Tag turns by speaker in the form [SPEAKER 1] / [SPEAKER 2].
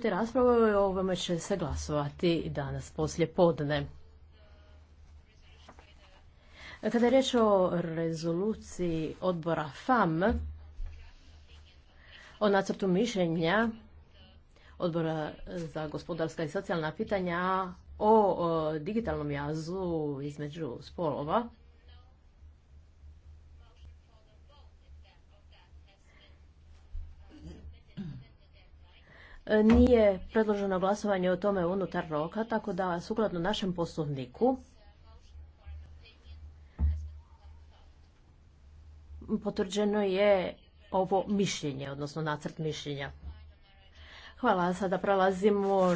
[SPEAKER 1] te raspravu i o ovome će se glasovati danas poslje podne. Kada je riječ o rezoluciji odbora FAM, o nacrtu mišljenja odbora za gospodarska i socijalna pitanja o digitalnom jazu između spolova, nije predloženo glasovanje o tome unutar roka, tako da sukladno našem poslovniku potvrđeno je ovo mišljenje, odnosno nacrt mišljenja. Hvala,
[SPEAKER 2] sada prelazimo